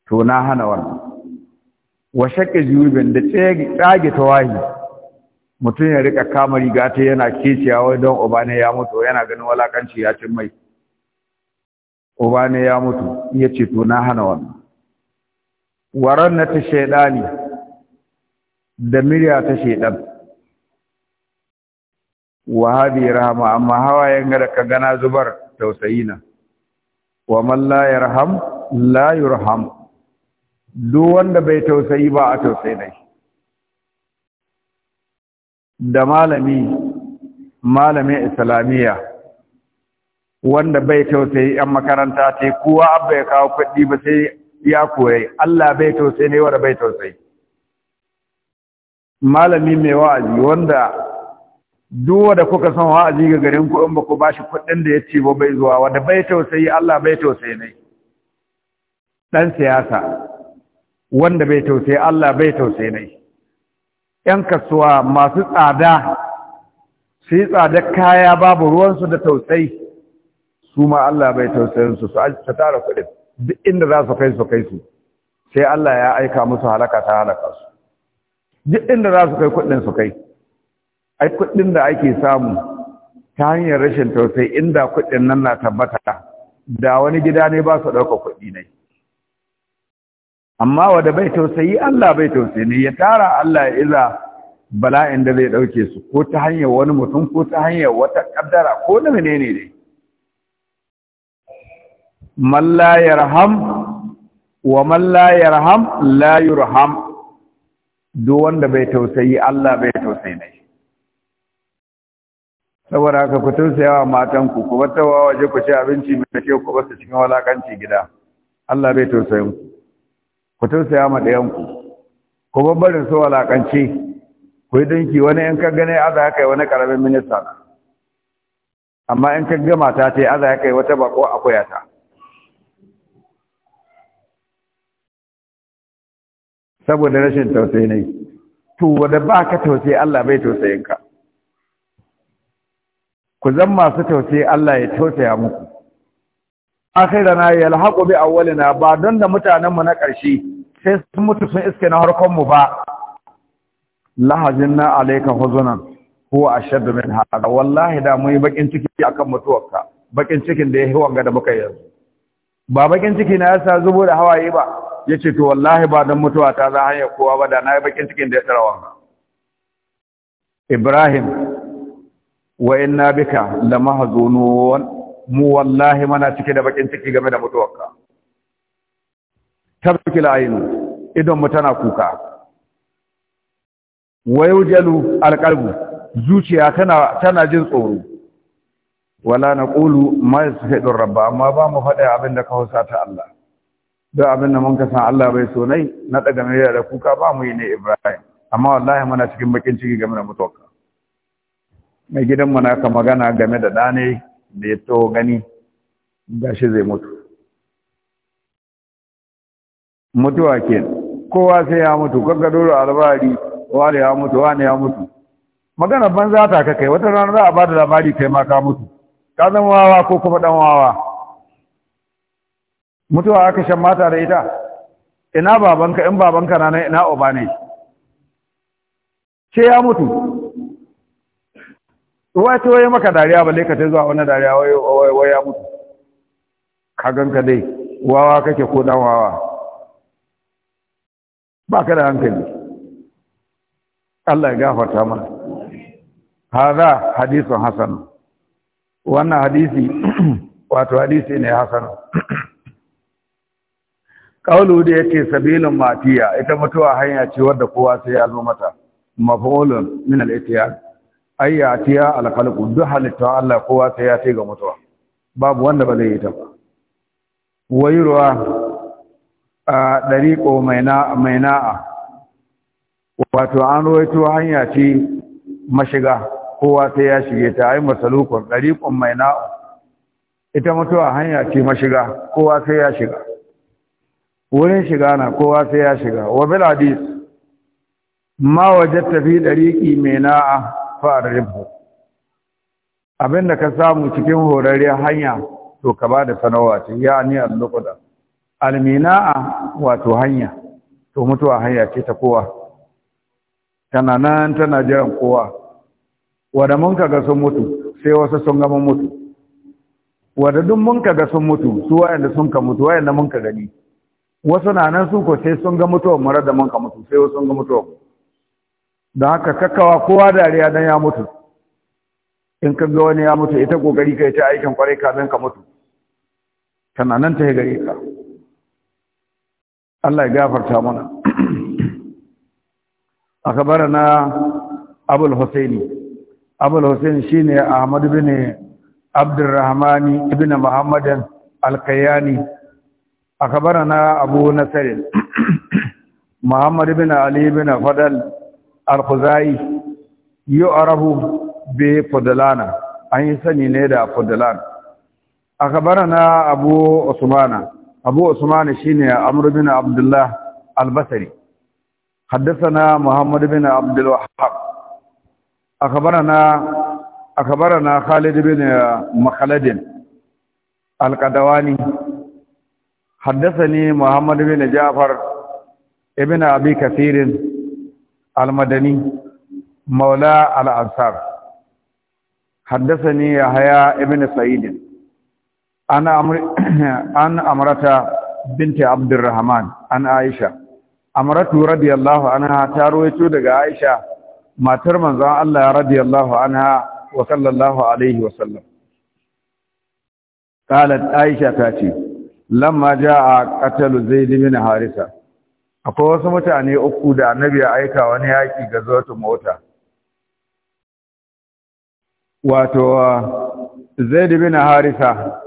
to na hana wannan wa shakka jubin da tsage wahi mutum ya rika kama riga ta yana kecewa don obane ya mutu yana ganin walakanci ya cin mai obane ya mutu ya ce to na hana wannan waran ta shaidani da murya ta shaidan wahabi rahama amma hawayen ga ka gana zubar tausayina wa man la yarham la yurham duk wanda bai tausayi ba a tausayi dai da malami malami islamiyya wanda bai tausayi yan makaranta sai kowa abba ya kawo kuɗi ba sai ya koya Allah bai tausayi ne wanda bai tausayi malami mai wa'azi wanda duk wanda kuka san wa'azi ga garin ku in ba ku bashi kuɗin da yace ba bai zuwa wanda bai tausayi Allah bai tausayi ne dan siyasa wanda bai tausayi Allah bai tausayi ne ‘yan kasuwa masu tsada su yi tsadar kaya babu ruwansu da tausayi su ma Allah bai tausayinsu su tara kuɗin duk inda za su kai su kai su sai Allah ya aika musu halaka ta halaka su duk inda za su kai kuɗin su kai ai kuɗin da ake samu ta hanyar rashin tausayi inda kuɗin nan na tabbata da wani gida ne ba su ɗauka kuɗi ne amma wanda bai tausayi Allah bai tausayi ne ya tara Allah ya iza bala'in da zai ɗauke su ko ta hanyar wani mutum ko ta hanyar wata ƙaddara ko na menene ne man la yarham wa man la yarham la yurham duk wanda bai tausayi Allah bai tausayi saboda haka ku tausayawa matan ku ku bata waje ku ci abinci mai kyau ku bata cikin walakanci gida Allah bai tausayin ku ku tausaya ma ɗayan ku ku babbarin su walakanci ku yi dinki wani in ka gane aza kai wani karamin minista amma in ka gama ta ce aza kai wata bako akwai ta saboda rashin tausayi ne to wanda ba ka tausayi Allah bai tausayin ka ku zan masu tausayi Allah ya tausaya muku akhirana yalhaqu bi awwalina ba don da mutanen mu na ƙarshe sai sun mutu sun iske na harkon mu ba lahajinna alayka huzunan huwa ashaddu min hada wallahi da mu yi bakin ciki akan mutuwarka bakin cikin da ya yi wanga da muka yanzu ba bakin ciki na yasa zubo da hawaye ba yace to wallahi ba dan mutuwa ta za hanya kowa ba da na yi bakin cikin da ya tsara wannan Ibrahim wa inna bika lamahzunun mu wallahi mana cike da bakin ciki game da mutuwarka tabkil ayin idan mu tana kuka wayujalu alqalbu zuciya tana jin tsoro wala na ƙulu ma ya su rabba amma ba mu faɗa abin da ka hausa ta Allah don abin da mun ka san Allah bai so nai na ɗaga mai da kuka ba mu yi ne Ibrahim amma wallahi muna cikin bakin ciki game da mutuwa mai gidan mu na ka magana game da ɗane da ya to gani shi zai mutu mutuwa ke kowa sai ya mutu kaga dole albari wani ya mutu wani ya mutu magana banza ta kai wata rana za a ba da labari kai ma ka mutu ka zama wawa ko kuma dan wawa mutuwa aka shan mata da ita ina babanka in babanka na nan ina uba ne ce ya mutu wato waye maka dariya balle ka ta zuwa wani dariya wai wai ya mutu ka ganka dai wawa kake ko dan wawa ba ka da hankali Allah ya gafarta mana hadha hadithun hasan wannan hadisi *clears throat* wato hadisi ne hasanu *clears throat* kaulu da yake sabilin matiya ita mutuwa hanya ce wadda kowa sai ya zo mata mafulun min al-itiyad ay atiya al-khalq duk halitta Allah kowa sai ya ce ga mutuwa babu wanda ba zai yi ta ba wayruwa a dariqo maina wato an ruwaito hanya ce mashiga kowa sai ya shige ta ai masalukun dariqun mai na'u ita mutuwa hanya ce mashiga kowa sai ya shiga wurin shiga na kowa sai ya shiga wa bil hadis ma wajatta fi ɗariƙi mai na'a arribu abinda ka samu cikin horarriyar hanya to ka ba da sanarwa ce ya ni al-luqda almina'a wato hanya to mutuwa hanya ce ta kowa tana nan tana jiran kowa wanda mun kaga sun mutu sai wasu sun gama mutu wanda duk mun kaga sun mutu su wayanda sun ka mutu wayanda mun ka gani wasu na nan su ko sai sun ga mutuwar mu. da mun ka mutu sai wasu sun ga mutuwar don haka kakkawa kowa dariya dan ya mutu in ka ga wani ya mutu ita kokari kai ta aikin kwarai kafin ka mutu tana nan ta gare ka Allah ya gafarta mana *clears throat* akabarana abul husaini abul hussein shine ahmad bin abdurrahman ibn muhammadan al-kayani na abu nasr *coughs* muhammad bin ali bin fadal al Yi yu'rafu bi fadlana an yi sani ne da fadlan akabarana abu usmana abu usmana shine amr bin abdullah al-basri حدثنا محمد بن عبد الوهاب أخبرنا أخبرنا خالد بن مخلد القدواني حدثني محمد بن جعفر ابن أبي كثير المدني مولى الأنصار حدثني يحيى ابن سعيد أنا أمر أن أمرت بنت عبد الرحمن عن عائشة أمرت رضي الله عنها ترويت دغ عائشة matar manzon Allah ya radiyallahu anha wa sallallahu alaihi wa sallam aisha ta ce lamma ƙatalu zai zaid na harisa akwai wasu mutane uku da annabi ya aika wani yaƙi ga zuwatu mota wato zaid na harisa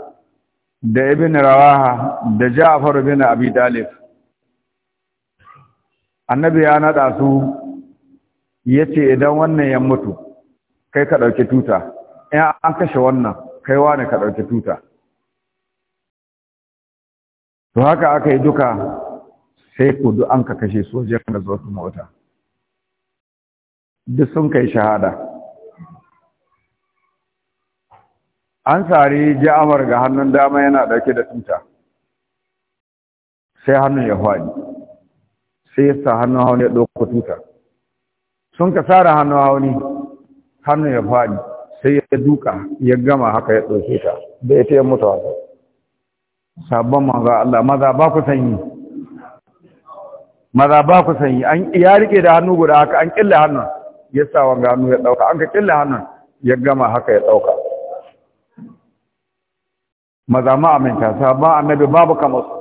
da ibn rawaha da ja a faru bin abi dalif. annabi ya naɗa su ya ce idan wannan ya mutu kai ka ɗauki tuta in an kashe wannan kai wane ka ɗauki tuta to haka aka yi duka sai ku duk an ka kashe sojan da zuwa mota duk sun kai shahada an sari ja'amar ga hannun dama yana ɗauke da tuta sai hannun ya hwani, sai ya sa hannun hawan ya ɗauka tuta sun ka tsara hannu a wani hannu ya faɗi sai ya duka ya gama haka ya ɗauke ta da ya taya mutuwa haka sabon manzo Allah maza ba ku sanyi maza ba ku sanyi an ya rike da hannu guda haka an killa hannu ya sa wanga hannu ya ɗauka an ka killa hannu ya gama haka ya ɗauka maza ma aminta sabon annabi babu kamar su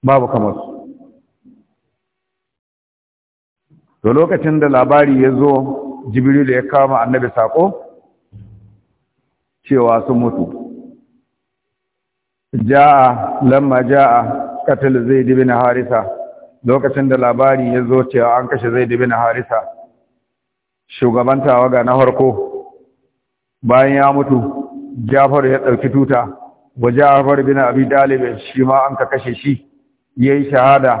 babu kamar su to lokacin da labari ya zo da ya kama annabi saƙo, cewa sun mutu ja'a lamma ja'a katil zaid ibn harisa lokacin da labari ya zo cewa an kashe zaid ibn harisa shugaban tawaga na farko bayan ya mutu Jafar ya ɗauki tuta wa Jafar bin Abi Talib shi ma an ka kashe shi yayi shahada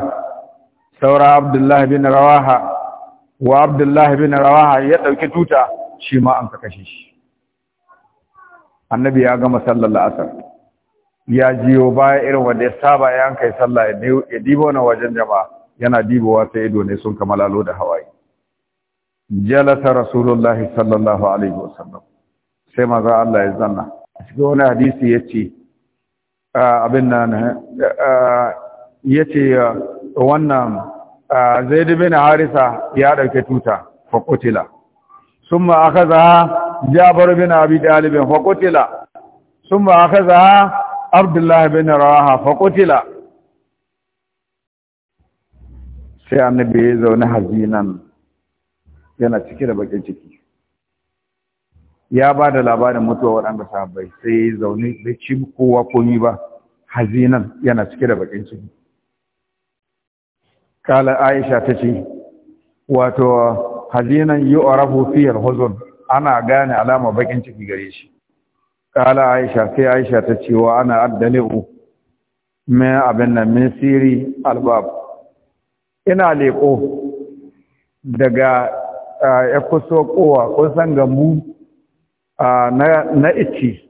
saura Abdullah bin Rawaha wa abdullahi bin rawaha ya dauki tuta shi ma an kashe shi annabi ya gama sallar la'asar ya jiyo baya irin wanda ya saba ya kai sallah ya dibo na wajen jama'a yana dibowa sai ido ne sun kamalalo da hawaye jalasa rasulullahi sallallahu alaihi wasallam sai maza Allah ya zanna a cikin wani hadisi ya ce abin nan ya ce wannan zaid bin harisa ya dauke tuta fa qutila aka akhadha Jabar bin abi fakotila sun ma aka za Abdullahi bin rawaha Fakotila. sai annabi ya zaune hazinan yana cike da bakin ciki ya ba da labarin mutuwa waɗanda sahabbai sai ya zaune bai ci kowa komi ba hazinan yana cike da bakin ciki kala aisha ta ce wato hazinan yu'rafu fi fiyar huzun, ana gane alama bakin ciki gare shi kala aisha sai aisha ta ce wa ana addali'u min abin nan min siri albab ina leko daga ya kusa kowa kusan ga na na ici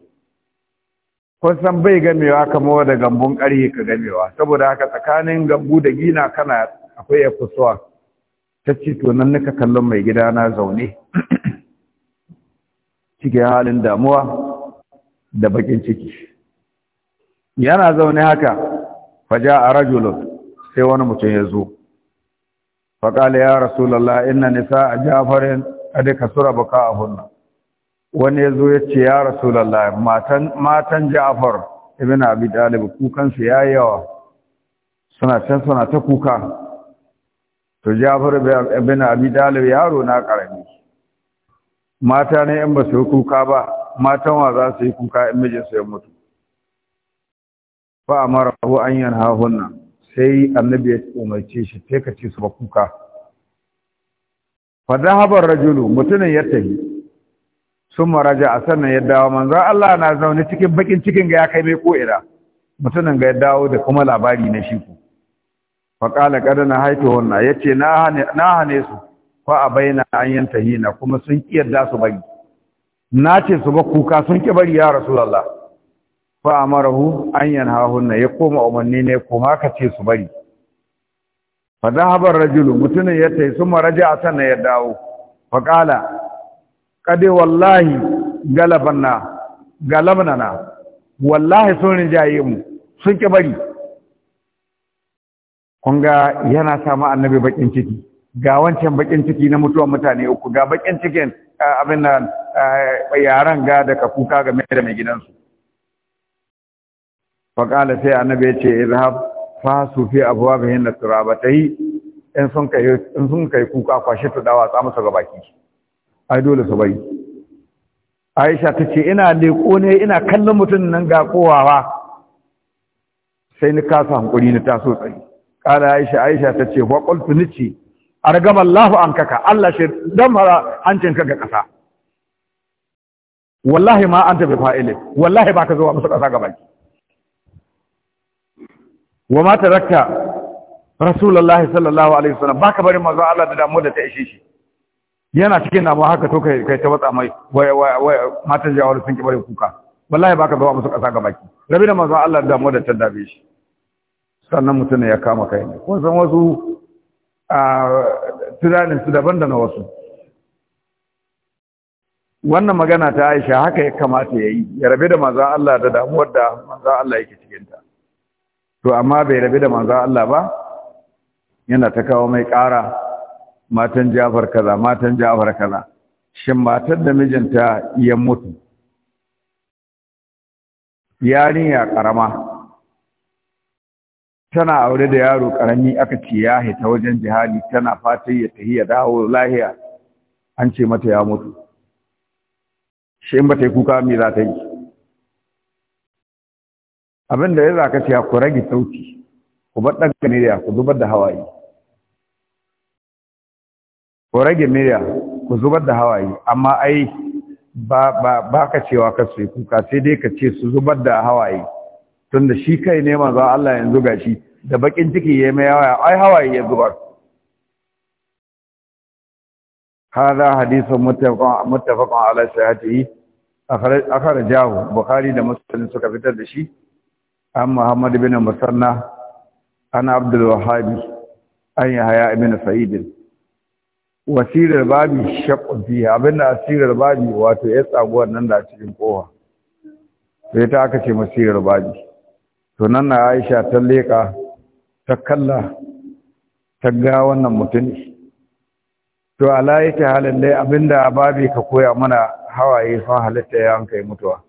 kusan bai gamewa kamar da gambun ƙarhe ka gamewa saboda haka tsakanin gambu da gina kana akwai ya kusuwa ta ce tunan nika kallon mai gida na zaune *clears throat* cike halin damuwa da bakin ciki yana zaune haka faja a rajulun sai wani mutum ya zo faƙali ya rasulallah ina nisa a jafarin adika sura baka a hunna wani ya zo ya ce ya rasulallah matan jafar ibina abi dalib kukansu ya yawa suna can suna ta kuka to Jafar bin Abi Talib yaro na karami mata ne in ba kuka ba matan wa za su yi kuka in mijin su ya mutu fa hu an hunna sai annabi ya umarce shi sai ka ce su ba kuka fa dhahaba rajulu ya tafi summa raja sannan ya dawo manzo Allah na zaune cikin bakin cikin ga ya kai mai ko ira mutumin ga ya dawo da kuma labari na shi ko. faƙala ƙada na na, ya ce na hane su fa a bayyana an yanta hina kuma sun ƙi yadda su bari na ce su ba kuka sun ƙi bari ya rasu lalla. fa a marahu an yanha hunna ya koma umarni ne kuma ka ce su bari fa bar rajulu mutumin ya ta yi sun maraja a sannan ya dawo faƙala ƙade wallahi galabana wallahi sun rinjaye mu sun ƙi bari kun ga yana sama annabi bakin ciki ga wancan bakin ciki na mutuwan mutane uku ga bakin cikin abin nan yaran ga da kafuka game da mai gidansu faƙala sai annabi ya ce izhab su fi abwabihin na in sun kai in sun kai kuka kwashe ta dawa su ga baki, ai dole su bari Aisha tace ina leko ne ina kallon mutum nan ga kowawa sai ni kasa hankuri ni taso tsayi kana aisha aisha ta ce wa qultu nici argama Allahu ankaka Allah shi damara hancin ka ga kasa wallahi ma anta bi fa'ilin wallahi baka zuwa musu kasa gaba wa ma tarakta rasulullahi sallallahu alaihi wasallam baka bari manzo Allah da damu da ta ishe shi yana cikin namu haka to kai kai ta watsa mai matan jawar sun ki bare kuka wallahi baka zuwa musu kasa gaba rabi da manzo Allah da damu da ta dabe shi sannan mutum ne ya kama kai ne kun san wasu a tunanin su daban da na wasu wannan magana ta Aisha haka ya kamata ya yi ya rabe da maza Allah da damuwar da maza Allah yake cikin ta to amma bai rabe da maza Allah ba yana ta kawo mai ƙara matan Jafar kaza matan Jafar kaza shin matar da mijinta ya mutu yarinya karama tana aure da yaro karami aka ce ya hita wajen jihadi tana fatan ya tafi ya dawo lahiya an ce mata ya mutu shi in ba ta yi kuka me za ta yi abin da ya zaka ce ku rage sauti ku bar ɗaga miliya ku zubar da hawaye ku rage miliya ku zubar da hawaye amma ai ba ka cewa ka su yi kuka sai dai ka ce su zubar da hawaye tunda shi kai ne manzon Allah yanzu ga shi da bakin ciki yayi mai yawa ai hawaye ya zubar hada hadisun muttafaqun ala akara jahu. bukhari da muslim suka fitar da shi an muhammad bin musanna an abdul an yahya ibn sa'id wasirar babi shaqqu abinda asirar babi wato ya tsaguwar nan da cikin kowa sai ta aka ce masirar babi to nan na aisha ta leƙa ta kalla ta ga wannan mutumi to ala yake halin dai abinda babi ka koya mana hawaye sun halitta ya an kai mutuwa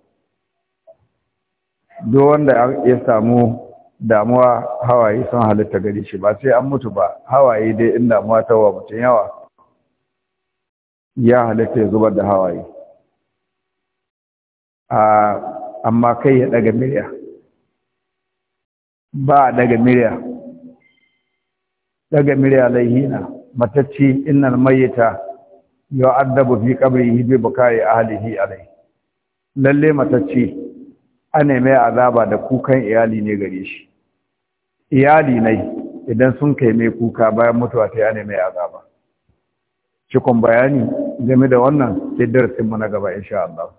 duk wanda ya samu damuwa hawaye sun halitta gari shi ba sai an mutu ba hawaye dai in damuwa ta wa mutum yawa ya halitta ya zubar da hawaye ah, amma kai ya daga miliya ba daga miriya daga miriya laihina matacci innal mayyita addabu fi qabrihi bi bukai ahlihi alai lalle matacci ana mai azaba da kukan iyali ne gare shi iyali ne idan sun kai mai kuka bayan mutuwa ta ana mai azaba cikon bayani game da wannan sai darasin mu na gaba insha Allah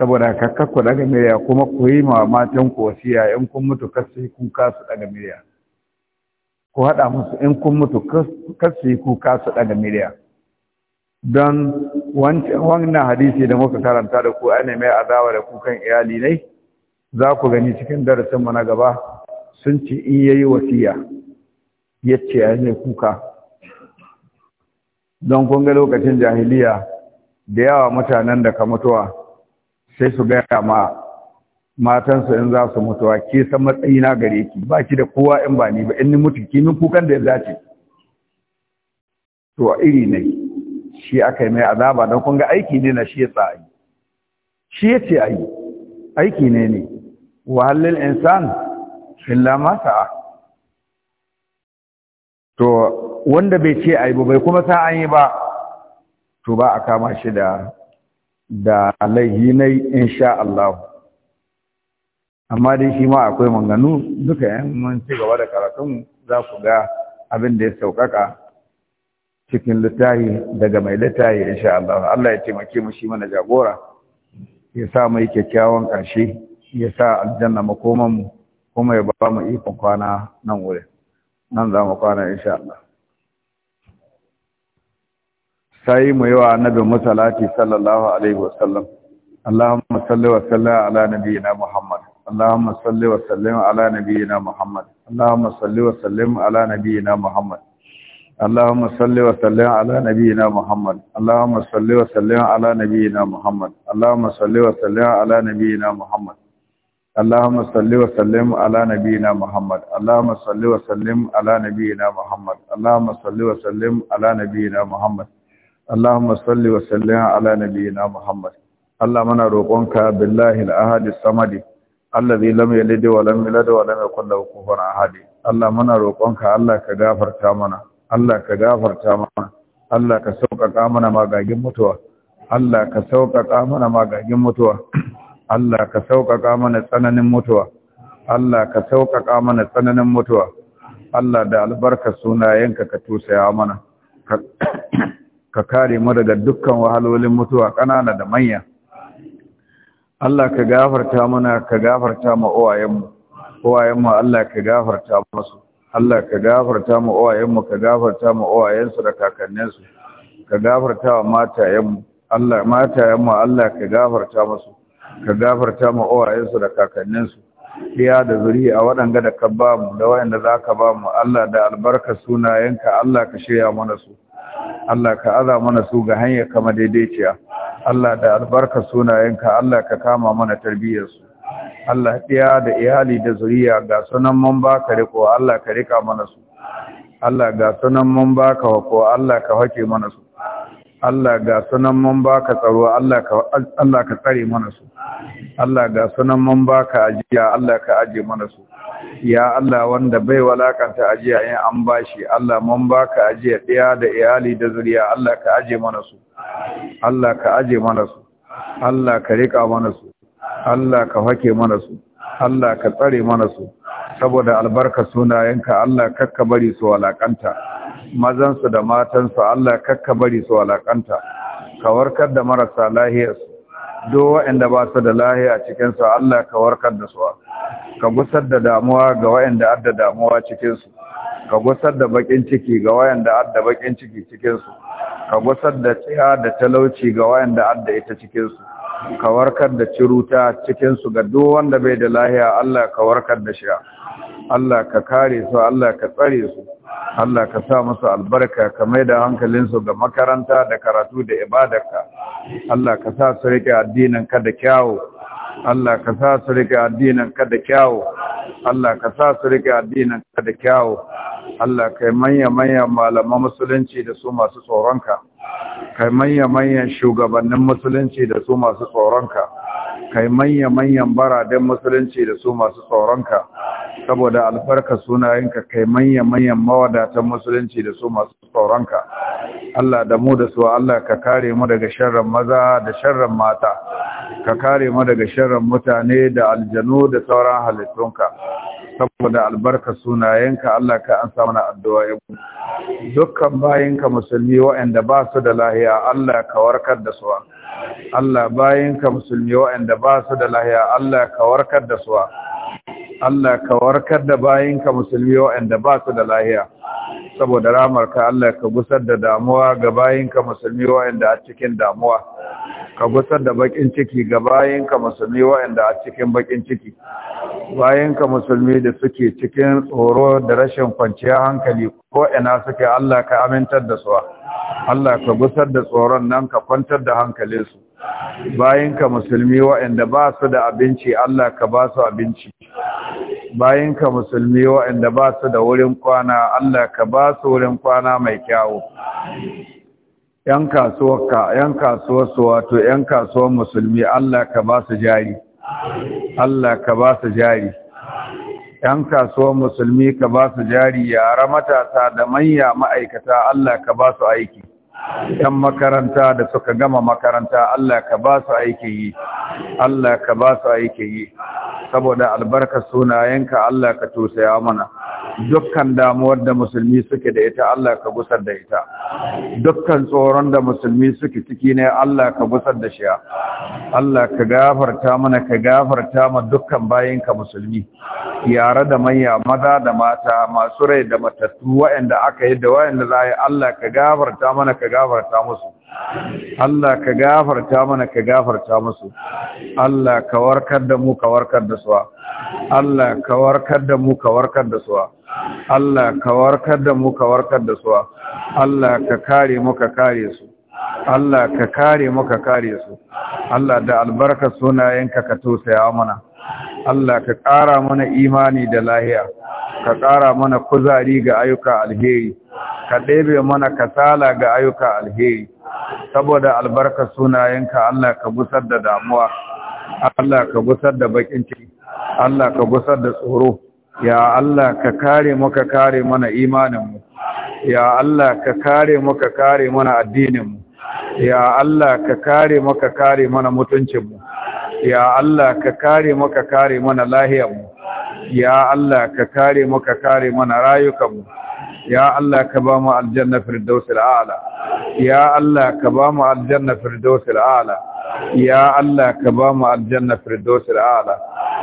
saboda ka daga miliya kuma ku yi ma matan ku wasiya in kun mutu kasu yi kuka daga miliya ku haɗa musu in kun mutu kasu yi kuka daga miliya don wannan hadisi da muka karanta da ku ana mai adawa da kukan iyali ne za ku gani cikin darasin mu na gaba sun ce in yayi wasiya yace ya ne kuka don kun ga lokacin jahiliya da yawa mutanen da ka mutuwa sai su gaya ma matansu in za su mutuwa ke san matsayina gare ki ba ki da kowa in ba ni ba in ni mutu ki min kukan da ya zace to iri ne shi aka yi mai azaba don kun ga aiki ne na shi ya tsayi shi ya ce ayi aiki ne ne wahallin insan filla masa to wanda bai ce ayi ba bai kuma sa an yi ba to ba a kama shi da da laihi na insha Allah amma dai shi ma akwai manganu duka yan mun ci gaba da karatun za ku ga abin da ya sauƙaƙa cikin littahi daga mai littahi insha Allah Allah ya taimake mu shi mana jagora ya sa mai kyakkyawan ƙarshe ya sa aljanna makoman mu kuma ya ba mu ikon kwana nan wurin nan za mu kwana insha Allah sai mu yi wa annabi musallati sallallahu alaihi wasallam Allahumma salli wa sallim ala nabiyyina Muhammad Allahumma salli wa sallim ala nabiyyina Muhammad Allahumma salli wa sallim ala nabiyyina Muhammad اللهم صل وسلم على نبينا محمد اللهم صل وسلم على نبينا محمد اللهم صل وسلم على نبينا محمد اللهم صل وسلم على نبينا محمد اللهم صل وسلم على اللهم صل وسلم على نبينا محمد اللهم انا روقنك بالله الاحد الصمد الذي لم magagin mutuwa Allah ka sauƙaƙa mana magagin mutuwa Allah ka sauƙaƙa mana tsananin mutuwa Allah ka sauƙaƙa mana tsananin mutuwa Allah da albarkar sunayenka ka tusaya mana ka kare mu daga dukkan wahalolin mutuwa ƙanana da manya Allah ka gafarta mana ka gafarta ma uwayenmu uwayenmu Allah ka gafarta musu Allah ka gafarta ma uwayenmu ka gafarta ma uwayensu da kakanninsu ka gafarta wa matayenmu Allah matayenmu Allah ka gafarta musu ka gafarta ma uwayensu da kakanninsu iya da zuri a waɗanda da ka ba mu da waɗanda za ka ba mu Allah da albarka sunayenka Allah ka shirya mana su Allah ka aza mana su ga hanyar kama daidaiciya Allah da albarka sunayenka Allah ka kama mana tarbiyyarsu Allah ɗiya da iyali da zuriya ga sunan mun baka riko Allah ka rika mana su Allah ga sunan mun baka hako Allah ka hake mana su Allah ga sunan mun baka tsaro Allah ka Allah ka tsare mana su Allah ga sunan mun baka ajiya Allah ka aje mana su ya Allah wanda bai walakanta ajiya in an bashi Allah mun baka ajiya daya da iyali da zuriya Allah ka aje mana su Allah ka aje mana su Allah ka rika mana su Allah ka hake mana su Allah ka tsare mana su saboda albarka sunayenka Allah kakka bari su walakanta mazansu da matansu Allah kakka bari su walakanta ka warkar da marasa lahiyarsu do waɗanda ba su da lahiya cikinsu Allah ka warkar da su ka gusar da damuwa ga waɗanda adda damuwa cikinsu ka gusar da bakin ciki ga waɗanda adda bakin ciki cikinsu ka gusar da tsiya da talauci ga waɗanda adda ita cikinsu ka warkar da ciruta cikinsu ga duk wanda bai da lahiya Allah ka warkar da shi Allah ka kare su Allah ka tsare su Allah ka sa musu albarka ka mai da hankalinsu ga makaranta da karatu da ibadarka Allah ka sa su rike addinin ka da kyawu Allah ka sa su rike addinin ka da kyawu Allah ka sa su rike addinin ka da kyawu Allah kai manya manya malaman musulunci da su masu tsoronka kai manya manyan shugabannin musulunci da su masu tsoronka kai manya manyan baraden musulunci da su masu tsoronka saboda albarka sunayenka kai manya-manyan mawadatan musulunci da su masu tsoronka Allah da mu da su Allah ka kare mu daga sharran maza da sharran mata ka kare mu daga sharran mutane da aljanu da sauran halittunka saboda albarka sunayenka Allah ka an samu na addu'a dukkan bayinka musulmi waɗanda ba su da lahiya Allah ka warkar da su Allah bayinka musulmi waɗanda ba su da lahiya Allah ka warkar da su Allah ka warkar da bayinka musulmi waɗanda ba su da lahiya saboda ramarka Allah ka gusar da damuwa ga bayinka musulmi waɗanda a cikin damuwa ka gusar da bakin ciki ga bayinka musulmi waɗanda a cikin bakin ciki bayinka musulmi da suke cikin tsoro da rashin kwanciyar hankali ko ina suke Allah ka amintar da su Allah ka gusar da tsoron nan ka kwantar da hankalinsu bayinka musulmi waɗanda ba su da abinci Allah ka ba su abinci bayinka musulmi waɗanda ba su da wurin kwana Allah ka ba su wurin kwana mai kyawu yan kasuwarka yan kasuwarsu wato yan kasuwar musulmi Allah ka ba su jari Allah ka ba su jari yan kasuwar musulmi ka ba su jari yara matasa da manya ma'aikata Allah ka ba su aiki yan makaranta da suka gama makaranta Allah ka ba su aiki yi Allah ka ba su aiki yi saboda albarkar sunayenka Allah ka tosaya mana dukkan damuwar da musulmi suke da ita Allah ka gusar da ita dukkan tsoron da musulmi suke ciki ne Allah ka gusar da shi Allah ka gafarta mana ka gafarta ma dukkan bayinka musulmi yare da manya maza da mata masu rai da matattu waɗanda aka yi da waɗanda za a yi Allah ka gafarta mana ka gafarta musu Allah ka gafarta mana ka gafarta musu Allah ka warkar da mu ka warkar da su Allah ka warkar da mu ka warkar da su Allah ka warkar da mu ka warkar da su Allah ka kare mu ka kare su Allah ka kare mu ka kare su Allah da albarka sunayenka ka tosaya mana Allah ka ƙara mana imani da lahiya ka ƙara mana kuzari ga ayyuka alheri ka ɗebe mana kasala ga ayyuka alheri saboda albarka sunayenka Allah ka gusar da damuwa Allah ka gusar da bakin ciki Allah ka gusar da tsoro ya Allah ka kare mu ka kare mana imaninmu ya Allah ka kare mu ka kare mana addininmu ya Allah ka kare mu ka kare mana mutuncinmu ya Allah ka kare mu ka kare mana lahiyarmu ya Allah ka kare mu ka kare mana rayukanmu ya Allah ka ba mu aljanna firdausil a'la ya Allah ka ba mu aljanna firdausil a'la ya Allah ka ba mu aljanna firdausul a'la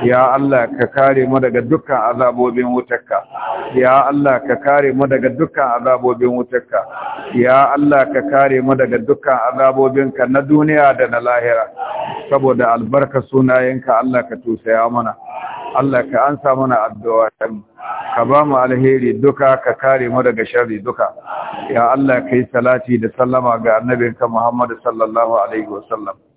ya Allah ka kare mu daga dukkan azabobin wutarka ya Allah ka kare mu daga dukkan azabobin wutarka ya Allah ka kare mu daga dukkan azabobin ka na duniya da na lahira saboda albarka sunayenka Allah ka tusaya mana Allah ka ansa mana addu'a ka ba mu alheri duka ka kare mu daga sharri duka ya Allah kai salati da sallama ga annabinka Muhammad sallallahu alaihi wasallam